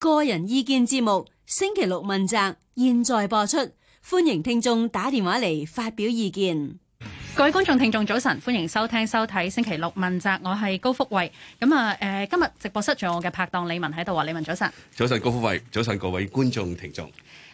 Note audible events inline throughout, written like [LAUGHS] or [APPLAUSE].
個人意見節目星期六問責，現在播出，歡迎聽眾打電話嚟發表意見。各位觀眾聽眾早晨，歡迎收聽收睇星期六問責，我係高福慧。咁啊，誒，今日直播室仲有我嘅拍檔李文喺度，話，李文早晨，早晨高福慧，早晨各位觀眾聽眾。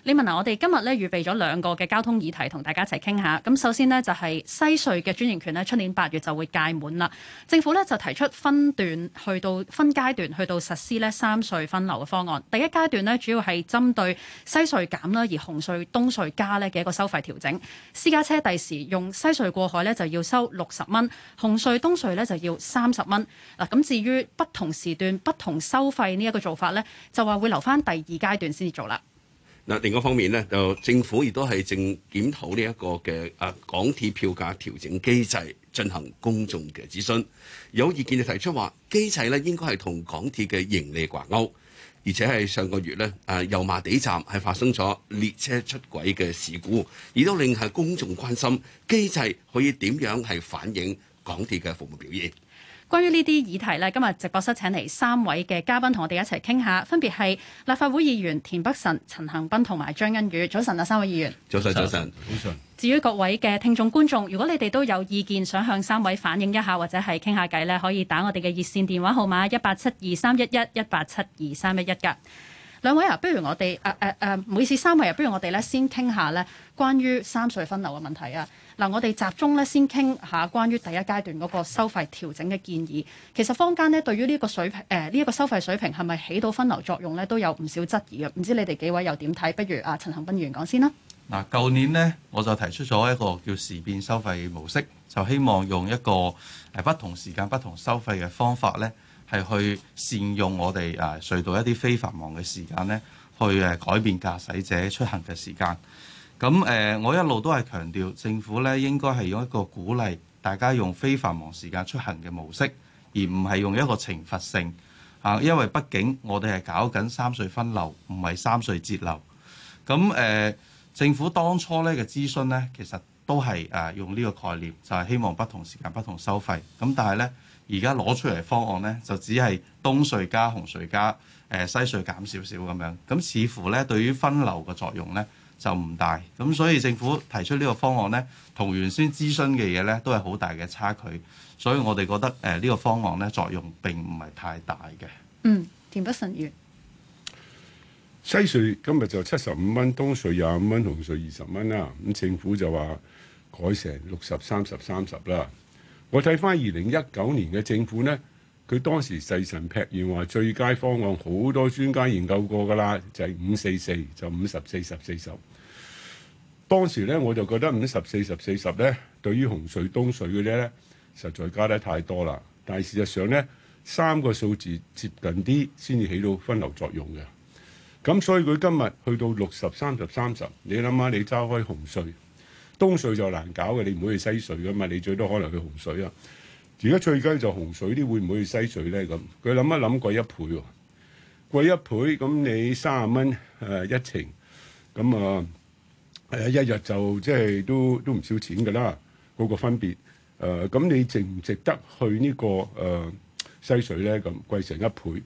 你問吓啊，我哋今日咧預備咗兩個嘅交通議題，同大家一齊傾下。咁首先呢，就係西隧嘅專營權呢，出年八月就會屆滿啦。政府咧就提出分段去到分階段去到實施咧三隧分流嘅方案。第一階段呢，主要係針對西隧減啦，而紅隧、東隧加呢嘅一個收費調整。私家車第時用西隧過海呢，就要收六十蚊，紅隧、東隧呢，就要三十蚊。嗱，咁至於不同時段不同收費呢一個做法呢，就話會留返第二階段先至做啦。嗱，另一方面呢，就政府亦都係正檢討呢一個嘅啊港鐵票價調整機制，進行公眾嘅諮詢。有意見就提出話，機制呢應該係同港鐵嘅盈利掛鈎，而且係上個月呢啊油麻地站係發生咗列車出軌嘅事故，亦都令係公眾關心機制可以點樣係反映港鐵嘅服務表現。關於呢啲議題咧，今日直播室請嚟三位嘅嘉賓同我哋一齊傾下，分別係立法會議員田北辰、陳恒鑌同埋張欣宇。早晨啊，三位議員。早晨，早晨，早晨。至於各位嘅聽眾觀眾，如果你哋都有意見想向三位反映一下，或者係傾下偈呢，可以打我哋嘅熱線電話號碼一八七二三一一一八七二三一一㗎。兩位啊，不如我哋誒誒誒，唔好意思，三位啊，不如我哋咧先傾下咧，關於三隧分流嘅問題啊。嗱，我哋集中咧先傾下關於第一階段嗰個收費調整嘅建議。其實坊間呢，對於呢個水平誒呢一個收費水平係咪起到分流作用咧，都有唔少質疑嘅。唔知你哋幾位又點睇？不如啊，陳恒鑌議員講先啦。嗱，舊年呢，我就提出咗一個叫時變收費模式，就希望用一個誒不同時間不同收費嘅方法咧。係去善用我哋誒隧道一啲非繁忙嘅時間咧，去誒改變駕駛者出行嘅時間。咁誒、呃，我一路都係強調政府咧應該係用一個鼓勵大家用非繁忙時間出行嘅模式，而唔係用一個懲罰性嚇、啊。因為畢竟我哋係搞緊三隧分流，唔係三隧截流。咁誒、呃，政府當初咧嘅諮詢咧，其實都係誒用呢個概念，就係、是、希望不同時間不同收費。咁但係咧。而家攞出嚟方案呢，就只係東隧加、紅隧加、誒西隧減少少咁樣，咁似乎呢，對於分流嘅作用呢，就唔大，咁所以政府提出呢個方案呢，同原先諮詢嘅嘢呢，都係好大嘅差距，所以我哋覺得誒呢、呃這個方案呢，作用並唔係太大嘅。嗯，田北辰月西隧今日就七十五蚊，東隧廿五蚊，紅隧二十蚊啦。咁政府就話改成六十、三十、三十啦。我睇翻二零一九年嘅政府呢，佢當時細神劈完話最佳方案，好多專家研究過㗎啦，就係五四四，就五十四十四十。當時呢，我就覺得五十四十四十呢，對於洪水東水嗰啲呢，實在加得太多啦。但係事實上呢，三個數字接近啲先至起到分流作用嘅。咁所以佢今日去到六十三十三十，你諗下，你揸開紅隧。東隧就難搞嘅，你唔會去西隧噶嘛，你最多可能去紅隧啊！而家最緊就紅隧啲，會唔會去西隧咧？咁佢諗一諗貴一倍喎，貴一倍咁你三十蚊誒一程，咁啊誒一日就即係都都唔少錢嘅啦。嗰、那個分別誒，咁、啊、你值唔值得去呢、這個誒、呃、西隧咧？咁貴成一倍，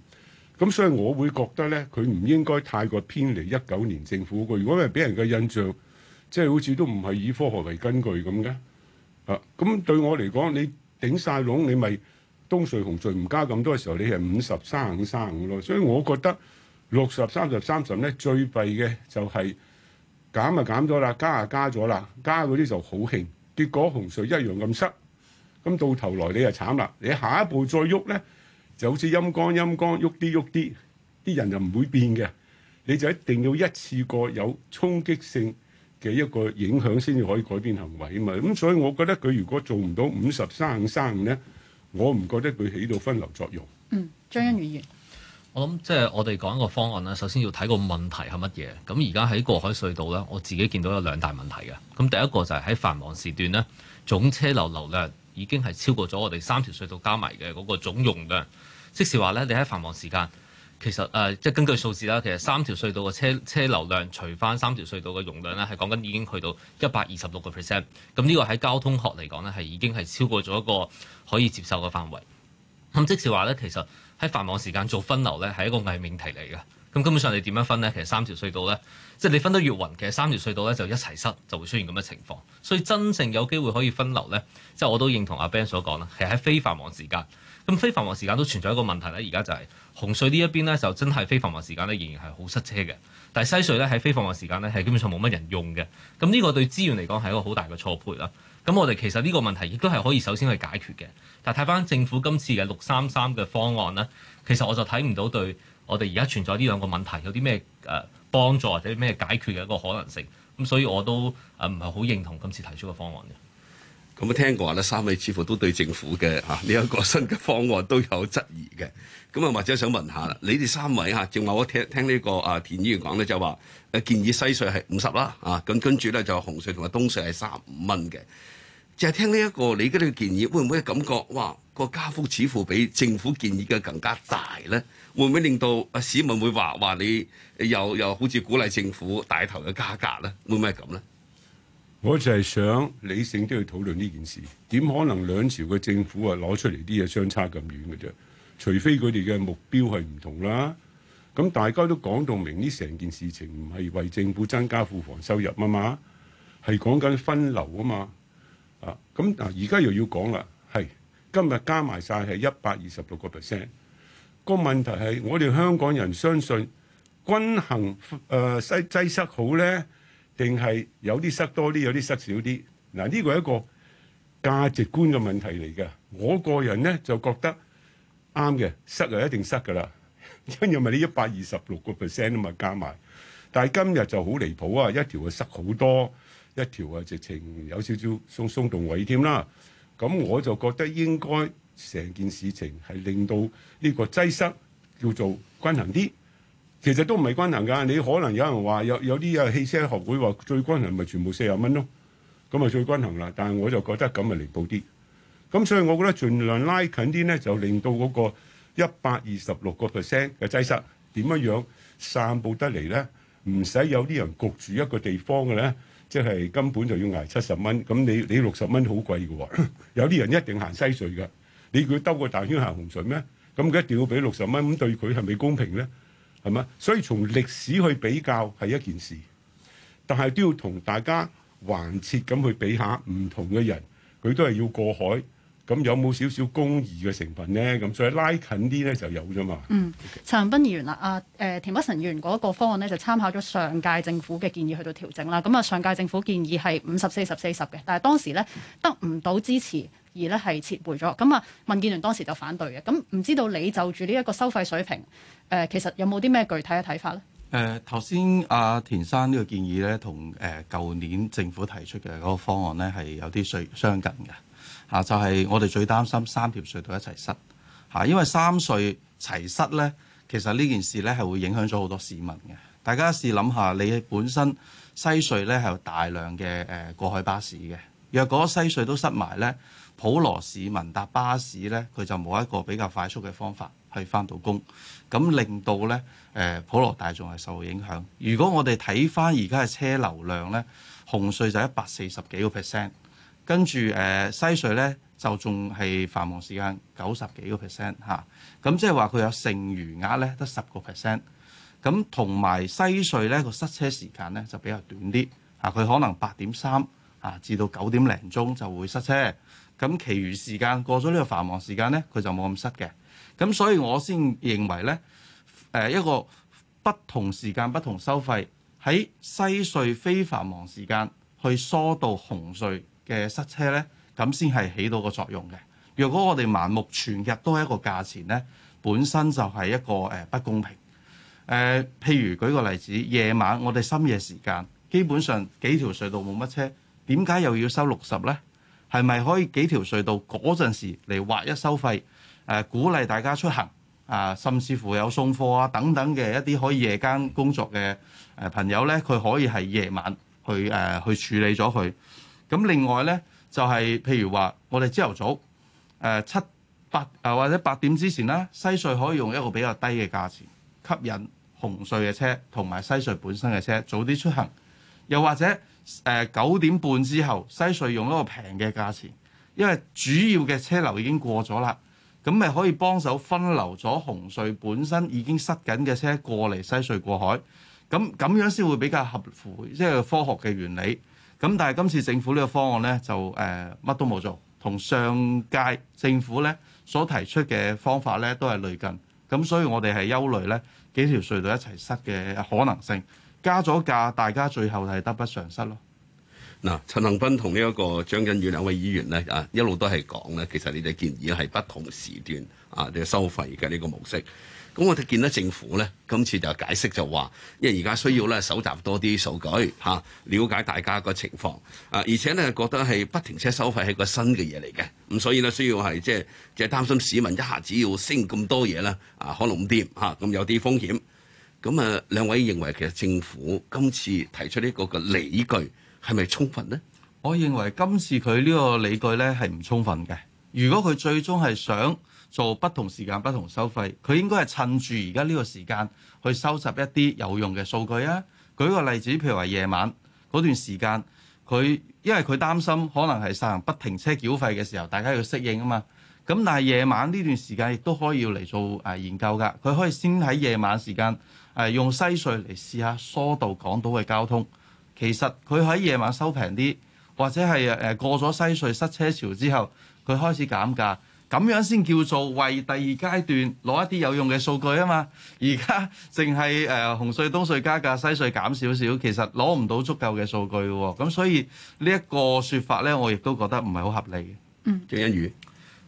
咁所以我會覺得咧，佢唔應該太過偏離一九年政府嗰個。如果係俾人嘅印象。即係好似都唔係以科學為根據咁嘅啊！咁對我嚟講，你頂晒籠，你咪東隧紅隧唔加咁多嘅時候，你係五十三五三五咯。所以我覺得六十三十三十咧，最弊嘅就係減就減咗啦，加啊加咗啦，加嗰啲就好興。結果紅隧一樣咁塞，咁到頭來你就慘啦。你下一步再喐咧，就好似陰光陰光喐啲喐啲，啲人就唔會變嘅。你就一定要一次過有衝擊性。嘅一個影響先至可以改變行為啊嘛，咁、嗯、所以我覺得佢如果做唔到五十三五三五咧，我唔覺得佢起到分流作用。嗯、張欣宇：「我諗即係我哋講一個方案啦，首先要睇個問題係乜嘢。咁而家喺過海隧道咧，我自己見到有兩大問題嘅。咁第一個就係喺繁忙時段咧，總車流流量已經係超過咗我哋三條隧道加埋嘅嗰個總容量，即是話咧，你喺繁忙時間。其實誒、呃，即係根據數字啦，其實三條隧道嘅車車流量除返三條隧道嘅容量咧，係講緊已經去到一百二十六個 percent。咁呢個喺交通學嚟講咧，係已經係超過咗一個可以接受嘅範圍。咁、嗯、即係話咧，其實喺繁忙時間做分流咧，係一個偽命題嚟嘅。咁、嗯、根本上你點樣分咧？其實三條隧道咧，即係你分得越勻，其實三條隧道咧就一齊塞，就會出現咁嘅情況。所以真正有機會可以分流咧，即係我都認同阿 Ben 所講啦，其實喺非、嗯、非繁忙時間。咁非繁忙時間都存在一個問題咧，而家就係、是。紅隧呢一邊咧就真係非繁忙時間咧仍然係好塞車嘅，但係西隧咧喺非繁忙時間咧係基本上冇乜人用嘅，咁呢個對資源嚟講係一個好大嘅錯配啦。咁我哋其實呢個問題亦都係可以首先去解決嘅，但係睇返政府今次嘅六三三嘅方案咧，其實我就睇唔到對我哋而家存在呢兩個問題有啲咩誒幫助或者咩解決嘅一個可能性，咁所以我都誒唔係好認同今次提出嘅方案嘅。咁聽過啦，三位似乎都對政府嘅嚇呢一個新嘅方案都有質疑嘅。咁、嗯、啊，或者想問下啦，你哋三位嚇、啊，正話我聽聽呢、這個啊田議員講咧，就話、是、建議西隧係五十啦，啊咁跟住咧就紅隧同埋東隧係三五蚊嘅。就係、是就是、聽呢、這、一個你嘅啲建議，會唔會感覺哇個加幅似乎比政府建議嘅更加大咧？會唔會令到啊市民會話話你又又好似鼓勵政府帶頭嘅價格咧？會唔會係咁咧？我就係想理性啲去討論呢件事，點可能兩朝嘅政府啊攞出嚟啲嘢相差咁遠嘅啫？除非佢哋嘅目標係唔同啦。咁大家都講到明呢，成件事情唔係為政府增加庫房收入啊嘛，係講緊分流啊嘛。啊，咁嗱而家又要講啦，係、哎、今日加埋晒係一百二十六個 percent。個問題係我哋香港人相信均衡誒擠擠塞好咧？定係有啲塞多啲，有啲塞少啲。嗱，呢個係一個價值觀嘅問題嚟嘅。我個人咧就覺得啱嘅，塞就一定塞㗎啦。因為咪你一百二十六個 percent 啊嘛加埋，但係今日就好離譜啊！一條啊塞好多，一條啊直情有少少鬆鬆動位添啦。咁我就覺得應該成件事情係令到呢個擠塞，塞叫做均衡啲。其實都唔係均衡㗎，你可能有人話，有有啲啊，汽車學會話最均衡咪全部四十蚊咯，咁咪最均衡啦。但係我就覺得咁咪離譜啲。咁所以我覺得儘量拉近啲咧，就令到嗰個一百二十六個 percent 嘅擠塞點樣樣散佈得嚟咧，唔使有啲人焗住一個地方嘅咧，即係根本就要捱七十蚊。咁你你六十蚊好貴嘅喎， [LAUGHS] 有啲人一定行西隧嘅，你叫佢兜個大圈行紅隧咩？咁佢一定要俾六十蚊，咁對佢係咪公平咧？係嘛？所以從歷史去比較係一件事，但係都要同大家橫切咁去比下唔同嘅人，佢都係要過海，咁有冇少少公義嘅成分呢？咁所以拉近啲咧就有啫嘛。嗯，陳恒鑌議員啦，阿、啊、誒、呃、田北辰議員嗰個方案咧，就參考咗上屆政府嘅建議去到調整啦。咁啊，上屆政府建議係五十、四十、四十嘅，但係當時咧得唔到支持，而咧係撤回咗。咁啊，民建聯當時就反對嘅。咁、啊、唔知道你就住呢一個收費水平。誒，其實有冇啲咩具體嘅睇法呢？誒、呃，頭先阿田生呢個建議呢，同誒舊年政府提出嘅嗰個方案呢，係有啲相近嘅嚇、啊。就係、是、我哋最擔心三條隧道一齊塞嚇、啊，因為三隧齊塞呢，其實呢件事呢係會影響咗好多市民嘅。大家試諗下，你本身西隧呢係有大量嘅誒、呃、過海巴士嘅，若果西隧都塞埋呢，普羅市民搭巴士呢，佢就冇一個比較快速嘅方法去返到工。咁令到咧，誒普羅大眾係受到影響。如果我哋睇翻而家嘅車流量咧，紅隧就一百四十幾個 percent，跟住誒西隧咧就仲係繁忙時間九十幾個 percent 嚇。咁即係話佢有剩餘額咧得十個 percent。咁同埋西隧咧個塞車時間咧就比較短啲嚇，佢可能八點三嚇至到九點零鐘就會塞車。咁其餘時間過咗呢個繁忙時間咧，佢就冇咁塞嘅。咁所以，我先認為呢誒一個不同時間不同收費，喺西隧非繁忙時間去疏導紅隧嘅塞車呢，咁先係起到個作用嘅。若果我哋盲目全日都係一個價錢呢，本身就係一個誒不公平。誒、呃，譬如舉個例子，夜晚我哋深夜時間，基本上幾條隧道冇乜車，點解又要收六十呢？係咪可以幾條隧道嗰陣時嚟劃一收費？呃、鼓勵大家出行啊、呃，甚至乎有送貨啊等等嘅一啲可以夜間工作嘅誒、呃、朋友呢，佢可以係夜晚去誒、呃、去處理咗佢。咁、呃、另外呢，就係、是、譬如話，我哋朝頭早誒七八啊、呃、或者八點之前啦，西隧可以用一個比較低嘅價錢吸引紅隧嘅車同埋西隧本身嘅車早啲出行，又或者誒、呃、九點半之後西隧用一個平嘅價錢，因為主要嘅車流已經過咗啦。咁咪可以幫手分流咗紅隧本身已經塞緊嘅車過嚟西隧過海，咁咁樣先會比較合乎即係、就是、科學嘅原理。咁但係今次政府呢個方案呢，就誒乜、呃、都冇做，同上屆政府呢所提出嘅方法呢都係類近咁，所以我哋係憂慮呢幾條隧道一齊塞嘅可能性，加咗價，大家最後係得不償失咯。嗱、呃，陳恒鑌同呢一個張欣宇兩位議員咧，啊一路都係講咧，其實你哋建議係不同時段啊嘅收費嘅呢、這個模式。咁、啊、我哋見到政府咧，今次就解釋就話，因為而家需要咧搜集多啲數據嚇，瞭、啊、解大家個情況啊，而且咧覺得係不停車收費係個新嘅嘢嚟嘅，咁、啊、所以呢，需要係即係即係擔心市民一下子要升咁多嘢咧，啊可能唔掂嚇，咁、啊嗯、有啲風險。咁啊，兩位認為其實政府今次提出呢個嘅理據，係咪充分呢？我認為今次佢呢個理據呢係唔充分嘅。如果佢最終係想做不同時間不同收費，佢應該係趁住而家呢個時間去收集一啲有用嘅數據啊！舉個例子，譬如話夜晚嗰段時間，佢因為佢擔心可能係實行不停車繳費嘅時候，大家要適應啊嘛。咁但係夜晚呢段時間亦都可以嚟做誒研究㗎。佢可以先喺夜晚時間誒、呃、用西隧嚟試下疏導港島嘅交通。其實佢喺夜晚收平啲，或者係誒過咗西隧塞車潮之後，佢開始減價，咁樣先叫做為第二階段攞一啲有用嘅數據啊嘛。而家淨係誒紅隧、東隧加價、西隧減少少，其實攞唔到足夠嘅數據喎、哦。咁所以呢一個說法呢，我亦都覺得唔係好合理嘅。嗯，張欣宇，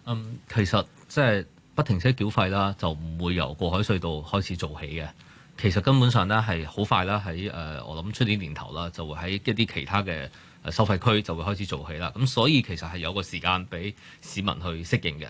嗯，其實即係不停車繳費啦，就唔會由過海隧道開始做起嘅。其實根本上咧係好快啦，喺誒我諗出年年頭啦，就會喺一啲其他嘅收費區就會開始做起啦。咁所以其實係有個時間俾市民去適應嘅。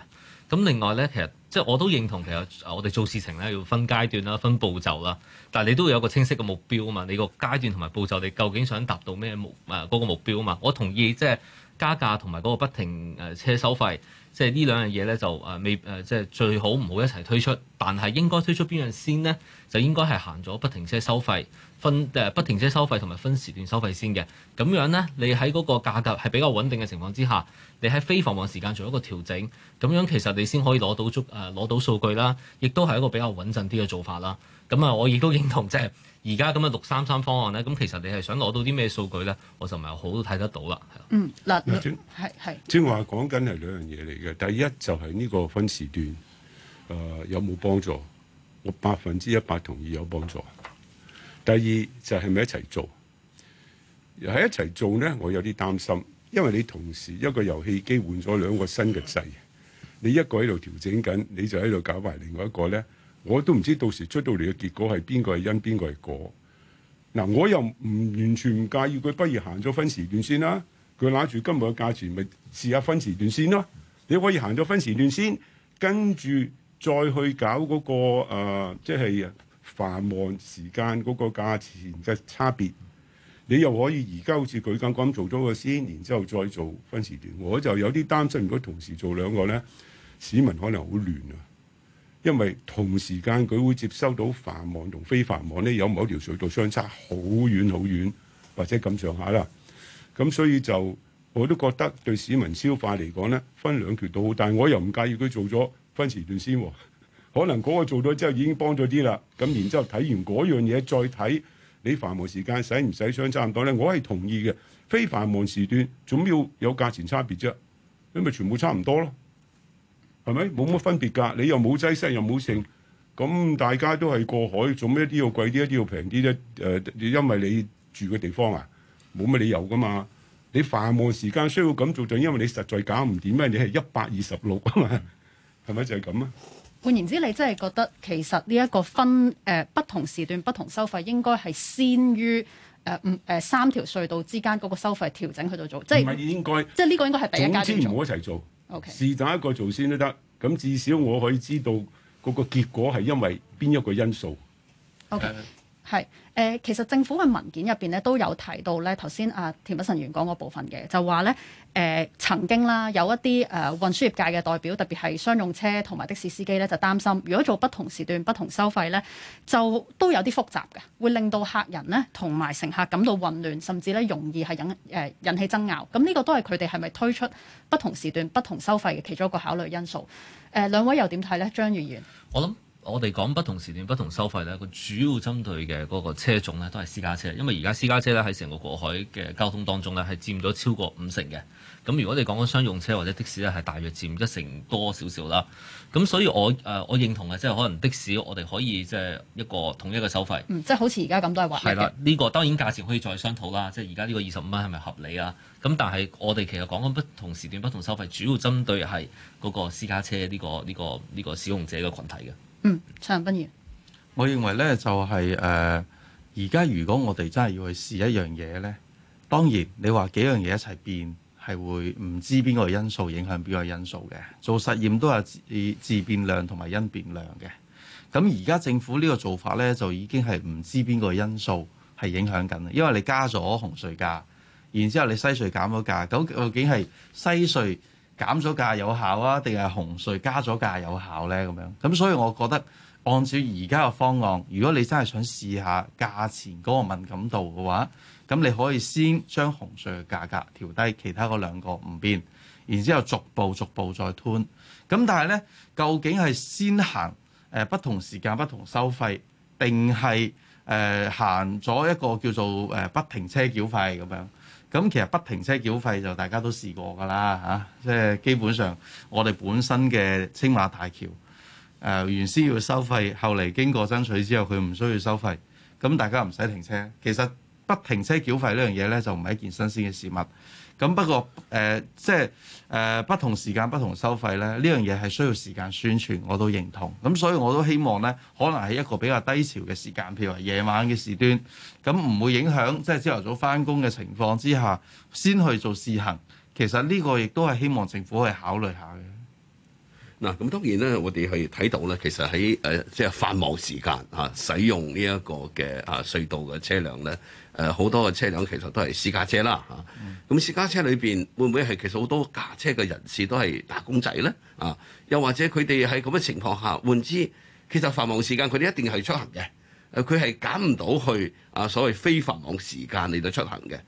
咁另外咧，其實即係我都認同，其實我哋做事情咧要分階段啦、分步驟啦。但係你都會有個清晰嘅目標啊嘛，你個階段同埋步驟，你究竟想達到咩目啊嗰、呃嗰個、目標啊嘛。我同意即係加價同埋嗰個不停誒車收費。即係呢兩樣嘢咧就誒未誒，即、呃、係、呃、最好唔好一齊推出，但係應該推出邊樣先咧？就應該係行咗不停車收費分誒、呃、不停車收費同埋分時段收費先嘅。咁樣咧，你喺嗰個價格係比較穩定嘅情況之下，你喺非繁忙時間做一個調整，咁樣其實你先可以攞到足誒攞、呃、到數據啦，亦都係一個比較穩陣啲嘅做法啦。咁啊，我亦都認同即、就、係、是。而家咁嘅六三三方案咧，咁其實你係想攞到啲咩數據咧？我就唔係好睇得到啦。嗯，嗱，係係剛。即係話講緊係兩樣嘢嚟嘅。第一就係呢個分時段，誒、呃、有冇幫助？我百分之一百同意有幫助。第二就係咪一齊做？喺一齊做咧，我有啲擔心，因為你同時一個遊戲機換咗兩個新嘅掣，你一個喺度調整緊，你就喺度搞壞另外一個咧。我都唔知到時出到嚟嘅結果係邊個係因，邊個係果。嗱，我又唔完全唔介意佢，不如行咗分時段先啦。佢攞住今日嘅價錢，咪試下分時段先咯。你可以行咗分時段先，跟住再去搞嗰個誒，即係繁忙時間嗰個價錢嘅差別。你又可以而家好似佢咁講做咗個先，然之後再做分時段。我就有啲擔心，如果同時做兩個咧，市民可能好亂啊。因為同時間佢會接收到繁忙同非繁忙咧，有某一條隧道相差好遠好遠，或者咁上下啦。咁所以就我都覺得對市民消化嚟講咧，分兩條都好。但係我又唔介意佢做咗分時段先喎。可能嗰個做咗之後已經幫咗啲啦。咁然之後睇完嗰樣嘢再睇你繁忙時間使唔使相差唔多咧？我係同意嘅。非繁忙時段總要有價錢差別啫？咁咪全部差唔多咯。係咪冇乜分別㗎？你又冇擠塞又冇剩，咁大家都係過海，做咩啲要貴啲，一啲要平啲啫。誒、呃，因為你住嘅地方啊，冇乜理由噶嘛。你繁忙時間需要咁做，就因為你實在搞唔掂咩？你係一百二十六啊嘛，係咪就係咁啊？換言之，你真係覺得其實呢一個分誒、呃、不同時段不同收費，應該係先於誒唔、呃呃、三條隧道之間嗰個收費調整去到做，即係應該，即係呢個應該係第一階段做。總之唔好一齊做。是但 Okay. 一個做先都得，咁至少我可以知道嗰個結果係因為邊一個因素。Okay. 係誒、呃，其實政府嘅文件入邊咧都有提到咧，頭先啊田北辰員講嗰部分嘅，就話咧誒曾經啦有一啲誒、呃、運輸業界嘅代表，特別係商用車同埋的士司機咧，就擔心如果做不同時段不同收費咧，就都有啲複雜嘅，會令到客人咧同埋乘客感到混亂，甚至咧容易係引誒、呃、引起爭拗。咁呢個都係佢哋係咪推出不同時段不同收費嘅其中一個考慮因素？誒、呃，兩位又點睇咧？張議員，我諗。我哋講不同時段不同收費呢個主要針對嘅嗰個車種呢都係私家車，因為而家私家車呢，喺成個過海嘅交通當中呢，係佔咗超過五成嘅。咁如果你講緊商用車或者的士呢，係大約佔一成多少少啦。咁所以我誒、呃、我認同嘅，即係可能的士我哋可以即係一個統一嘅收費，嗯、即係好似而家咁都係話啦。呢、呢個當然價錢可以再商討啦，即係而家呢個二十五蚊係咪合理啊？咁但係我哋其實講緊不同時段不同收費，主要針對係嗰個私家車呢、呢個呢、呢個呢、呢個呢個使用者嘅群體嘅。嗯，陳恒鑌。我認為咧，就係、是、誒，而、呃、家如果我哋真係要去試一樣嘢咧，當然你話幾樣嘢一齊變，係會唔知邊個因素影響邊個因素嘅。做實驗都有自自變量同埋因變量嘅。咁而家政府呢個做法咧，就已經係唔知邊個因素係影響緊，因為你加咗紅隧價，然之後你西隧減咗價，究竟係西隧。減咗價有效啊，定係紅隧加咗價有效呢？咁樣咁，所以我覺得按照而家嘅方案，如果你真係想試下價錢嗰個敏感度嘅話，咁你可以先將紅隧嘅價格調低，其他嗰兩個唔變，然之後逐步逐步再吞。咁但係呢，究竟係先行誒不同時間不同收費，定係誒行咗一個叫做誒不停車繳費咁樣？咁其實不停車繳費就大家都試過㗎啦嚇，即、啊、係基本上我哋本身嘅青馬大橋誒、呃、原先要收費，後嚟經過爭取之後佢唔需要收費，咁大家唔使停車。其實不停車繳費呢樣嘢呢，就唔係一件新鮮嘅事物。咁不過誒、呃，即係誒、呃、不同時間不同收費咧，呢樣嘢係需要時間宣傳，我都認同。咁所以我都希望咧，可能係一個比較低潮嘅時間，譬如話夜晚嘅時段，咁唔會影響即係朝頭早翻工嘅情況之下，先去做試行。其實呢個亦都係希望政府去考慮下嘅。嗱，咁當然咧，我哋去睇到咧，其實喺誒、呃、即係繁忙時間嚇、啊、使用呢一個嘅啊隧道嘅車輛咧。誒好多嘅車輛其實都係私家車啦嚇，咁私家車裏邊會唔會係其實好多駕車嘅人士都係打工仔咧啊？又或者佢哋喺咁嘅情況下換之，其實繁忙時間佢哋一定係出行嘅，誒佢係揀唔到去啊所謂非繁忙時間嚟到出行嘅，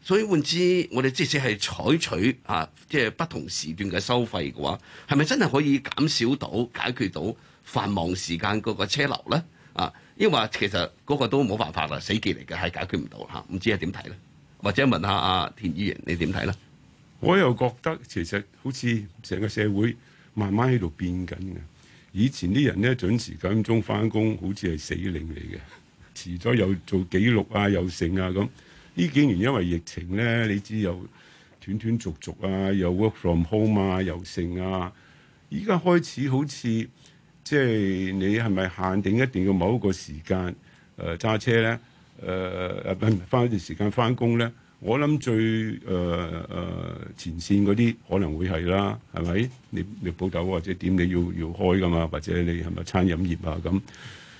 所以換之我哋即使係採取啊即係不同時段嘅收費嘅話，係咪真係可以減少到解決到繁忙時間嗰個車流咧啊？因為其實嗰個都冇辦法啦，死結嚟嘅係解決唔到吓，唔知係點睇咧？或者問下阿田議員你點睇咧？我又覺得其實好似成個社會慢慢喺度變緊嘅，以前啲人咧準時九點鐘返工，好似係死令嚟嘅，遲咗又做記錄啊，又剩啊咁。呢幾年因為疫情咧，你知又斷斷續續啊，又 work from home 啊，又剩啊，依家開始好似。即係你係咪限定一定要某一個時間誒揸車咧？誒誒返一段時間返工咧？我諗最誒誒、呃呃、前線嗰啲可能會係啦，係咪？你你鋪頭或者點你要要開㗎嘛？或者你係咪餐飲業啊咁？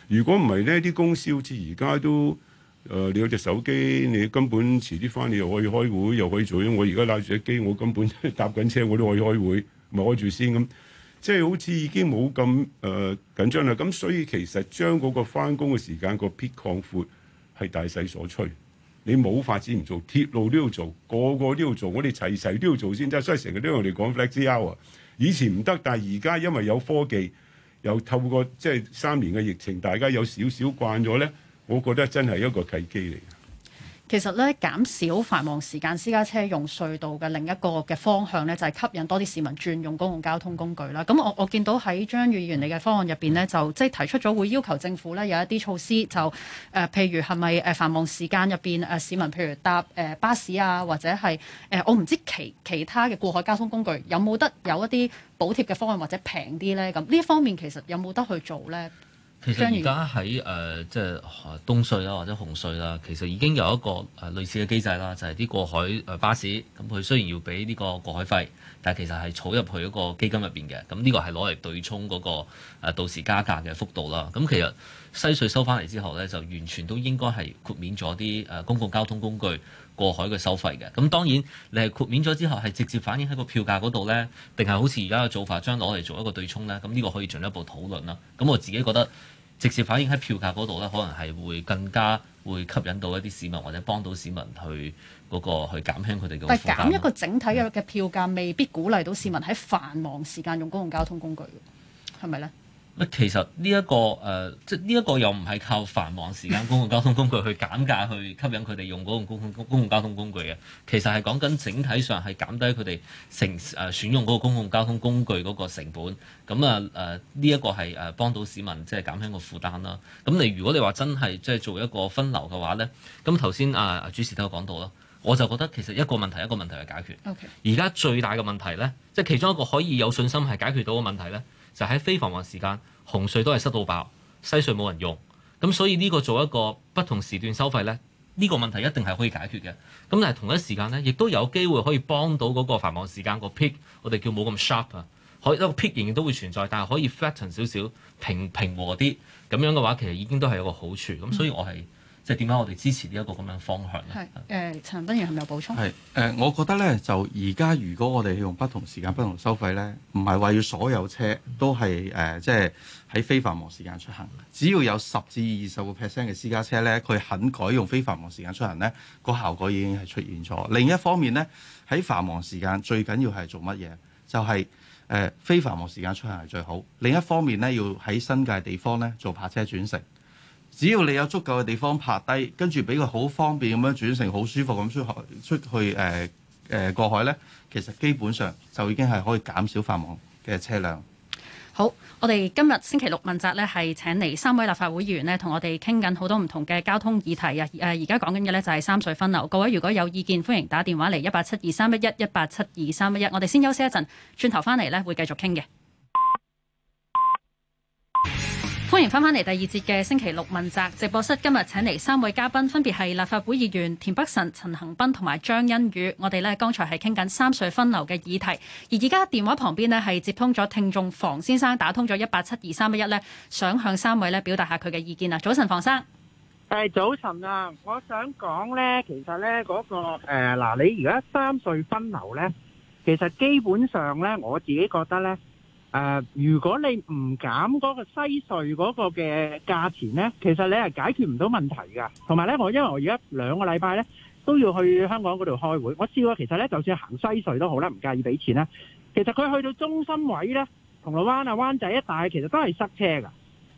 如果唔係呢啲公司好似而家都誒、呃，你有隻手機，你根本遲啲返你又可以開會，又可以做。我而家攬住隻機，我根本搭緊車我都可以開會，咪開住先咁。即係好似已經冇咁誒緊張啦，咁所以其實將嗰個翻工嘅時間、個 Peak 擴闊係大勢所趨，你冇發展唔做，鐵路都要做，個個都要做，我哋齊齊都要做先得，所以成日都要我哋講 flexible hour 啊，以前唔得，但係而家因為有科技，又透過即係三年嘅疫情，大家有少少慣咗咧，我覺得真係一個契機嚟。其實咧減少繁忙時間私家車用隧道嘅另一個嘅方向咧，就係、是、吸引多啲市民轉用公共交通工具啦。咁我我見到喺張議員你嘅方案入邊呢，就即係提出咗會要求政府咧有一啲措施，就誒譬、呃、如係咪誒繁忙時間入邊誒市民，譬如搭誒、呃、巴士啊，或者係誒、呃、我唔知其其他嘅過海交通工具有冇得有一啲補貼嘅方案或者平啲咧？咁呢一方面其實有冇得去做咧？其實而家喺誒即係東隧啦或者紅隧啦，其實已經有一個誒類似嘅機制啦，就係、是、啲過海誒、呃、巴士，咁佢雖然要俾呢個過海費，但係其實係儲入去一個基金入邊嘅，咁呢個係攞嚟對沖嗰、那個、啊、到時加價嘅幅度啦。咁其實西隧收翻嚟之後呢，就完全都應該係豁免咗啲誒公共交通工具過海嘅收費嘅。咁當然你係豁免咗之後，係直接反映喺個票價嗰度呢，定係好似而家嘅做法將攞嚟做一個對沖呢？咁呢個可以進一步討論啦。咁我自己覺得。直接反映喺票價嗰度咧，可能係會更加會吸引到一啲市民，或者幫到市民去嗰個去減輕佢哋嘅負擔。但係減一個整體嘅票價，嗯、未必鼓勵到市民喺繁忙時間用公共交通工具，係咪咧？其實呢、這、一個誒、呃，即係呢一個又唔係靠繁忙時間公共交通工具去減價 [LAUGHS] 去吸引佢哋用嗰個公共公共交通工具嘅，其實係講緊整體上係減低佢哋成誒、呃、選用嗰個公共交通工具嗰個成本。咁啊誒，呢、呃、一、這個係誒幫到市民即係減輕個負擔啦。咁、嗯、你如果你話真係即係做一個分流嘅話咧，咁頭先啊主持都有講到咯。我就覺得其實一個問題一個問題去解決。而家 Okay. 最大嘅問題咧，即係其中一個可以有信心係解決到嘅問題咧。就喺非繁忙時間，紅隧都係塞到爆，西隧冇人用。咁所以呢個做一個不同時段收費咧，呢、呢個問題一定係可以解決嘅。咁但係同一時間咧，亦都有機會可以幫到嗰個繁忙時間、嗰個 peak 我哋叫冇咁 sharp 啊，可、嗰、一個 peak 仍然都會存在，但係可以 flatten 少少，平平和啲。咁樣嘅話，其實已經都係有個好處。咁所以我係。嗯即係點解我哋支持呢一個咁樣方向咧？係誒、呃，陳恒鑌係咪有補充？係誒、呃，我覺得咧，就而家如果我哋用不同時間不同收費咧，唔係話要所有車都係誒，即係喺非繁忙時間出行。只要有十至二十個 percent 嘅私家車咧，佢肯改用非繁忙時間出行咧，個效果已經係出現咗。另一方面咧，喺繁忙時間最緊要係做乜嘢？就係、是、誒、呃，非繁忙時間出行係最好。另一方面咧，要喺新界地方咧做泊車轉乘。只要你有足夠嘅地方拍低，跟住俾佢好方便咁樣轉乘，好舒服咁出海出去誒誒、呃呃、過海呢，其實基本上就已經係可以減少繁忙嘅車輛。好，我哋今日星期六問責呢，係請嚟三位立法會議員呢，我同我哋傾緊好多唔同嘅交通議題啊！誒，而家講緊嘅呢就係三隧分流。各位如果有意見，歡迎打電話嚟一八七二三一一一八七二三一一。我哋先休息一陣，轉頭翻嚟呢會繼續傾嘅。歡迎翻翻嚟第二節嘅星期六問責直播室。今日請嚟三位嘉賓，分別係立法會議員田北辰、陳恒鑌同埋張欣宇。我哋咧剛才係傾緊三隧分流嘅議題，而而家電話旁邊呢係接通咗聽眾房先生，打通咗一八七二三一一咧，想向三位咧表達下佢嘅意見啊，早晨，房生。誒，早晨啊，我想講咧，其實咧、那、嗰個誒，嗱、呃，你而家三隧分流咧，其實基本上咧，我自己覺得咧。誒、呃，如果你唔減嗰個西隧嗰個嘅價錢呢，其實你係解決唔到問題㗎。同埋呢，我因為我而家兩個禮拜呢都要去香港嗰度開會，我試過其實呢，就算行西隧都好啦，唔介意俾錢啦。其實佢去到中心位呢，銅鑼灣啊、灣仔一帶，其實都係塞車㗎。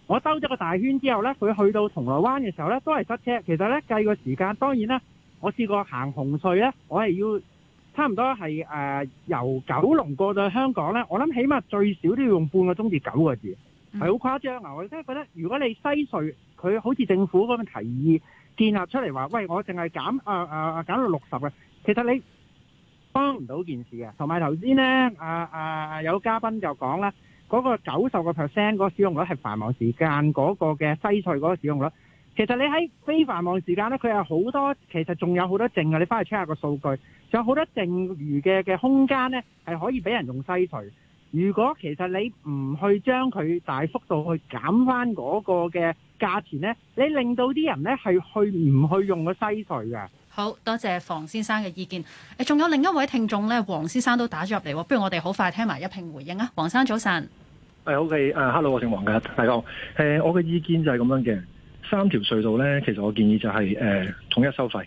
我兜咗個大圈之後呢，佢去到銅鑼灣嘅時候呢，都係塞車。其實呢，計個時間，當然呢，我試過行紅隧呢，我係要。差唔多係誒由九龍過到香港咧，我諗起碼最少都要用半個鐘至九個字，係好誇張啊！我真係覺得，如果你西隧佢好似政府咁樣提議建立出嚟，話喂，我淨係減啊啊啊減到六十嘅，其實你幫唔到件事嘅。同埋頭先咧，啊啊有嘉賓就講啦，嗰個九十個 percent 嗰個使用率係繁忙時間嗰個嘅西隧嗰個使用率，其實你喺非繁忙時間咧，佢有好多其實仲有好多剩嘅。你翻去 check 下個數據。有好多剩餘嘅嘅空間咧，係可以俾人用西隧。如果其實你唔去將佢大幅度去減返嗰個嘅價錢咧，你令到啲人咧係去唔去用個西隧嘅？好多謝房先生嘅意見。誒、哎，仲有另一位聽眾咧，黃先生都打咗入嚟喎。不如我哋好快聽埋一拼回應啊！黃生早晨。誒、hey，OK，誒，Hello，我姓黃嘅，大家好。誒、呃，我嘅意見就係咁樣嘅。三條隧道咧，其實我建議就係、是、誒、呃、統一收費。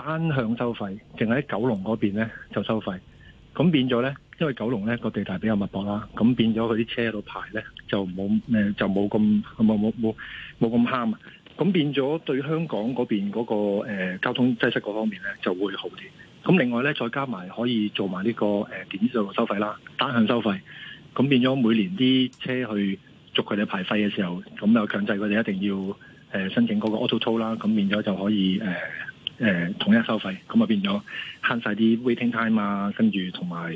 單向收費，淨係喺九龍嗰邊咧就收費，咁變咗咧，因為九龍咧個地帶比較密薄啦，咁變咗佢啲車喺度排咧就冇誒，就冇咁冇冇冇冇咁慘啊！咁變咗對香港嗰邊嗰個誒交通擠塞嗰方面咧就會好啲。咁另外咧再加埋可以做埋呢個誒電子數字收費啦，單向收費，咁變咗每年啲車去捉佢哋排費嘅時候，咁又強制佢哋一定要誒申請嗰個 auto toll 啦，咁變咗就可以誒。誒統、呃、一收費，咁啊變咗慳晒啲 waiting time 啊，跟住同埋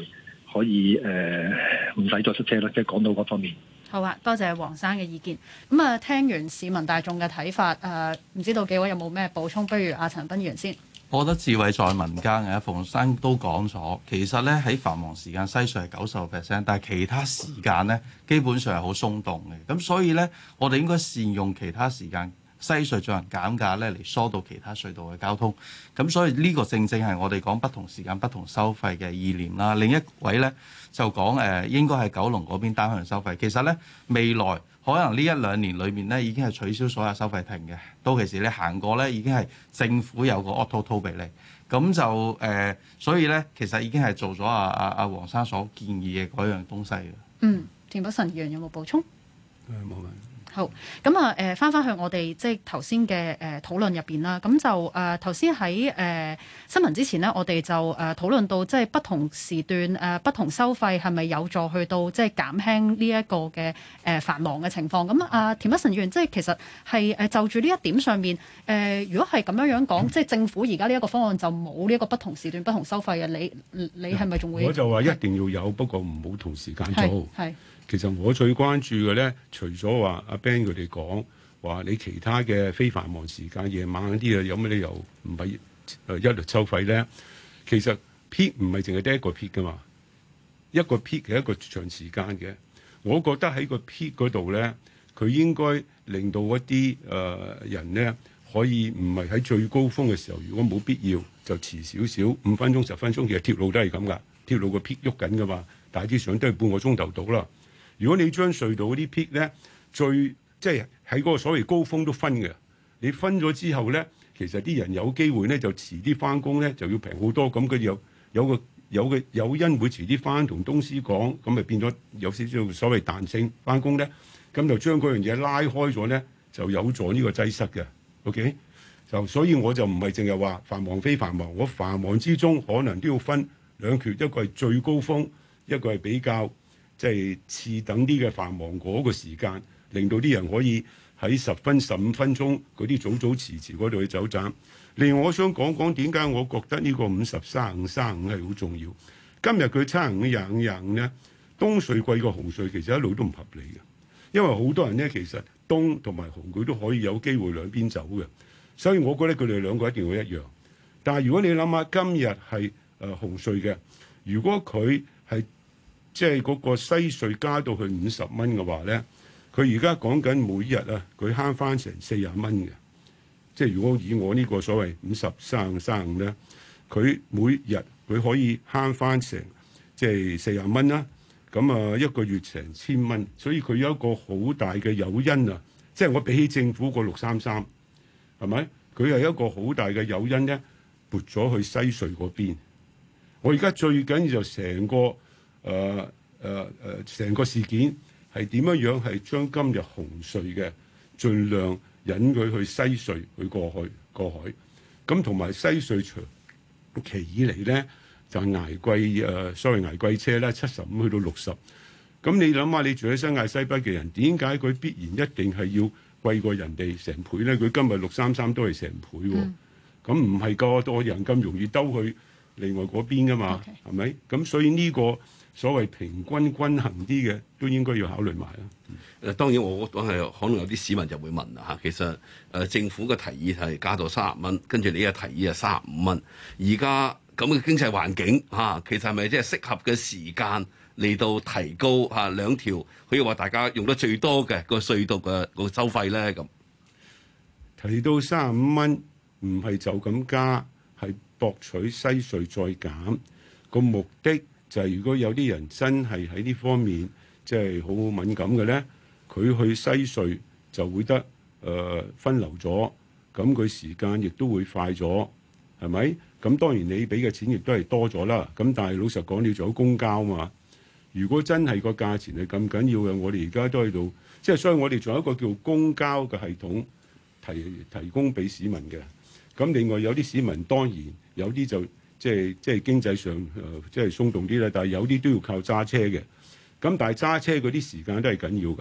可以誒唔使再出車啦，即係港島嗰方面。好啊，多謝黃生嘅意見。咁、嗯、啊，聽完市民大眾嘅睇法，誒、呃、唔知道幾位有冇咩補充？不如阿陳恒鑌先。我覺得智慧在民間嘅、啊，馮生都講咗，其實咧喺繁忙時間西隧係九十 percent，但係其他時間咧基本上係好鬆動嘅。咁所以咧，我哋應該善用其他時間。西隧進行減價咧，嚟疏導其他隧道嘅交通。咁所以呢個正正係我哋講不同時間不同收費嘅意念啦。另一位呢就講誒、呃，應該係九龍嗰邊單向收費。其實呢，未來可能呢一兩年裏面呢已經係取消所有收費亭嘅。到其時你行過呢已經係政府有個 Autotoll 俾你。咁就誒、呃，所以呢其實已經係做咗阿阿阿黃生所建議嘅嗰樣東西嘅。嗯，田北辰議員有冇補充？冇啊、嗯。好咁啊！誒，翻返去我哋即係頭先嘅誒討論入邊啦。咁就誒頭先喺誒新聞之前呢，我哋就誒、嗯、討論到即係不同時段誒、啊、不同收費係咪有助去到即係減輕呢、這、一個嘅誒、呃、繁忙嘅情況？咁、嗯、啊，田北辰議員即係其實係誒就住呢一點上面誒，如果係咁樣樣講，嗯、即係政府而家呢一個方案就冇呢一個不同時段不同收費嘅你，你係咪仲會？我就話一定要有，是不過唔好同時間做。係。的其實我最關注嘅咧，除咗話阿 Ben 佢哋講話你其他嘅非繁忙時間夜晚啲啊，有咩理由唔係誒一律收費咧？其實 peak 唔係淨係得一個 peak 噶嘛，一個 peak 係一個長時間嘅。我覺得喺個 peak 嗰度咧，佢應該令到一啲誒、呃、人咧可以唔係喺最高峰嘅時候，如果冇必要就遲少少，五分鐘、十分鐘，其實鐵路都係咁噶，鐵路個 peak 喐緊噶嘛，大致上都係半個鐘頭到啦。如果你將隧道嗰啲 Peak 咧，最，即係喺嗰個所謂高峰都分嘅，你分咗之後咧，其實啲人有機會咧就遲啲返工咧就要平好多，咁佢有有個有個有因會遲啲返同公司講，咁咪變咗有少少所謂彈性返工咧，咁就將嗰樣嘢拉開咗咧，就有咗呢個擠塞嘅，OK？就所以我就唔係淨係話繁忙非繁忙，我繁忙之中可能都要分兩橛，一個係最高峰，一個係比較。即係次等啲嘅繁忙嗰個時間，令到啲人可以喺十分十五分鐘嗰啲早早遲遲嗰度去走閘。另外，我想講講點解我覺得呢個五十三五三五係好重要。今日佢差五廿五廿五咧，東隧貴過紅隧，其實一路都唔合理嘅。因為好多人咧，其實東同埋紅佢都可以有機會兩邊走嘅，所以我覺得佢哋兩個一定要一樣。但係如果你諗下，今日係誒、呃、紅隧嘅，如果佢係，即係嗰個西隧加到去五十蚊嘅話咧，佢而家講緊每日啊，佢慳翻成四十蚊嘅。即係如果以我呢個所謂五十三三五咧，佢每日佢可以慳翻成即係四十蚊啦。咁啊，一個月成千蚊，所以佢有一個好大嘅誘因啊！即係我比起政府個六三三，係咪？佢係一個好大嘅誘因咧，撥咗去西隧嗰邊。我而家最緊要就成個。誒誒誒，成、uh, uh, 個事件係點樣樣係將今日紅隧嘅盡量引佢去西隧去過去過海，咁同埋西隧長期以嚟咧就係捱貴誒、uh,，sorry 捱貴車咧七十五去到六十，咁、嗯嗯、你諗下你住喺新界西北嘅人點解佢必然一定係要貴過人哋成倍咧？佢今日六三三都係成倍，咁唔係個個人咁容易兜去另外嗰邊噶嘛？係咪 Okay.？咁所以呢、呢個。所謂平均均衡啲嘅，都應該要考慮埋啦。誒，當然我講係可能有啲市民就會問啦嚇，其實誒、呃、政府嘅提議係加到三十蚊，跟住你嘅提議係三十五蚊。而家咁嘅經濟環境嚇、啊，其實係咪即係適合嘅時間嚟到提高嚇、啊、兩條？可以話大家用得最多嘅個隧道嘅個收費咧咁。提到三十五蚊，唔係就咁加，係博取西隧再減個目的。就係如果有啲人真係喺呢方面即係好敏感嘅咧，佢去西隧就會得誒、呃、分流咗，咁佢時間亦都會快咗，係咪？咁當然你俾嘅錢亦都係多咗啦。咁但係老實講，你仲有公交嘛？如果真係個價錢係咁緊要嘅，我哋而家都喺度，即係所以我哋仲有一個叫公交嘅系統提提供俾市民嘅。咁另外有啲市民當然有啲就。即係即係經濟上誒、呃，即係鬆動啲啦。但係有啲都要靠揸車嘅。咁但係揸車嗰啲時間都係緊要㗎。